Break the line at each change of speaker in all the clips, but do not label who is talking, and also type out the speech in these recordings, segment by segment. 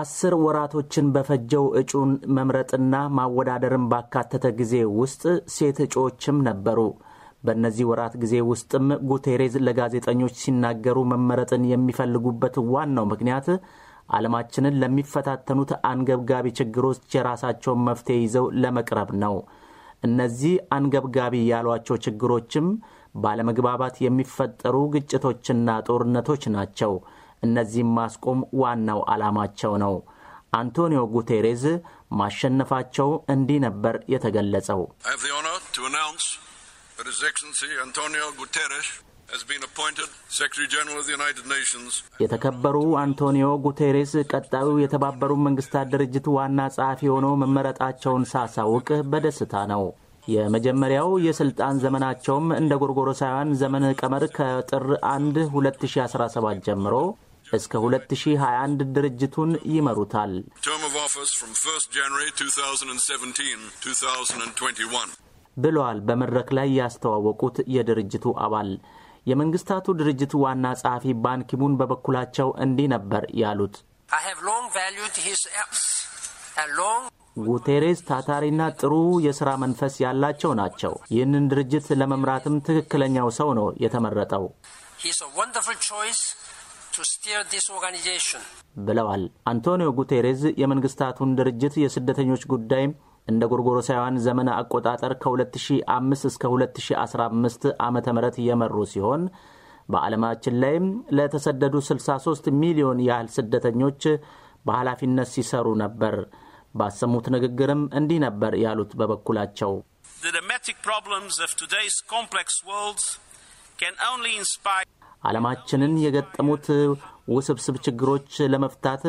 አስር ወራቶችን በፈጀው እጩን መምረጥና ማወዳደርን ባካተተ ጊዜ ውስጥ ሴት እጩዎችም ነበሩ። በእነዚህ ወራት ጊዜ ውስጥም ጉቴሬዝ ለጋዜጠኞች ሲናገሩ መመረጥን የሚፈልጉበት ዋናው ምክንያት ዓለማችንን ለሚፈታተኑት አንገብጋቢ ችግሮች የራሳቸውን መፍትሄ ይዘው ለመቅረብ ነው። እነዚህ አንገብጋቢ ያሏቸው ችግሮችም ባለመግባባት የሚፈጠሩ ግጭቶችና ጦርነቶች ናቸው። እነዚህም ማስቆም ዋናው ዓላማቸው ነው። አንቶኒዮ ጉቴሬዝ ማሸነፋቸው እንዲህ ነበር የተገለጸው። የተከበሩ አንቶኒዮ ጉቴሬስ ቀጣዩ የተባበሩ መንግስታት ድርጅት ዋና ጸሐፊ ሆኖ መመረጣቸውን ሳሳውቅ በደስታ ነው። የመጀመሪያው የስልጣን ዘመናቸውም እንደ ጎርጎሮሳውያን ዘመን ቀመር ከጥር 1 2017 ጀምሮ እስከ 2021 ድርጅቱን ይመሩታል። ብለዋል በመድረክ ላይ ያስተዋወቁት የድርጅቱ አባል። የመንግስታቱ ድርጅት ዋና ጸሐፊ ባንኪሙን በበኩላቸው እንዲህ ነበር ያሉት። ጉቴሬስ ታታሪና ጥሩ የሥራ መንፈስ ያላቸው ናቸው። ይህንን ድርጅት ለመምራትም ትክክለኛው ሰው ነው የተመረጠው። ብለዋል። አንቶኒዮ ጉቴሬዝ የመንግስታቱን ድርጅት የስደተኞች ጉዳይ እንደ ጎርጎሮሳውያን ዘመን አቆጣጠር ከ2005 እስከ 2015 ዓ ም የመሩ ሲሆን በዓለማችን ላይም ለተሰደዱ 63 ሚሊዮን ያህል ስደተኞች በኃላፊነት ሲሰሩ ነበር። ባሰሙት ንግግርም እንዲህ ነበር ያሉት በበኩላቸው The dramatic problems of today's complex world can only inspire ዓለማችንን የገጠሙት ውስብስብ ችግሮች ለመፍታት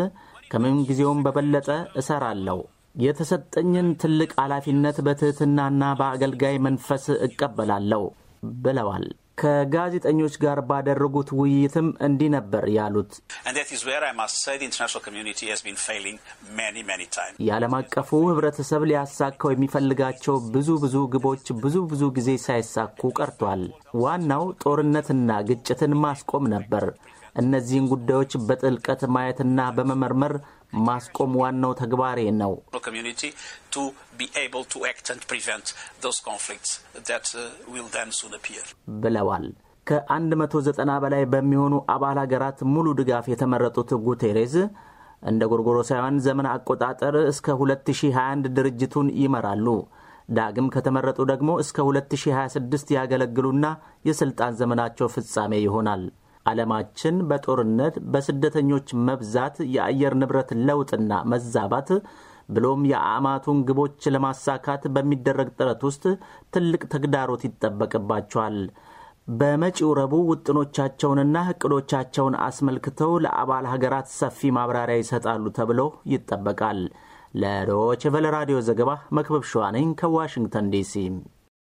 ከምንጊዜውም ጊዜውም በበለጠ እሰራለሁ። የተሰጠኝን ትልቅ ኃላፊነት በትሕትናና በአገልጋይ መንፈስ እቀበላለሁ ብለዋል። ከጋዜጠኞች ጋር ባደረጉት ውይይትም እንዲህ ነበር ያሉት። የዓለም አቀፉ ሕብረተሰብ ሊያሳካው የሚፈልጋቸው ብዙ ብዙ ግቦች ብዙ ብዙ ጊዜ ሳይሳኩ ቀርቷል። ዋናው ጦርነትና ግጭትን ማስቆም ነበር። እነዚህን ጉዳዮች በጥልቀት ማየትና በመመርመር ማስቆም ዋናው ተግባሬ ነው። uh, ብለዋል። ከ190 በላይ በሚሆኑ አባል ሀገራት ሙሉ ድጋፍ የተመረጡት ጉቴሬዝ እንደ ጎርጎሮሳውያን ዘመን አቆጣጠር እስከ 2021 ድርጅቱን ይመራሉ። ዳግም ከተመረጡ ደግሞ እስከ 2026 ያገለግሉና የሥልጣን ዘመናቸው ፍጻሜ ይሆናል። ዓለማችን በጦርነት በስደተኞች መብዛት፣ የአየር ንብረት ለውጥና መዛባት ብሎም የአማቱን ግቦች ለማሳካት በሚደረግ ጥረት ውስጥ ትልቅ ተግዳሮት ይጠበቅባቸዋል። በመጪው ረቡዕ ውጥኖቻቸውንና እቅዶቻቸውን አስመልክተው ለአባል ሀገራት ሰፊ ማብራሪያ ይሰጣሉ ተብሎ ይጠበቃል። ለዶይቼ ቬለ ራዲዮ ዘገባ መክበብ ሸዋነኝ ከዋሽንግተን ዲሲ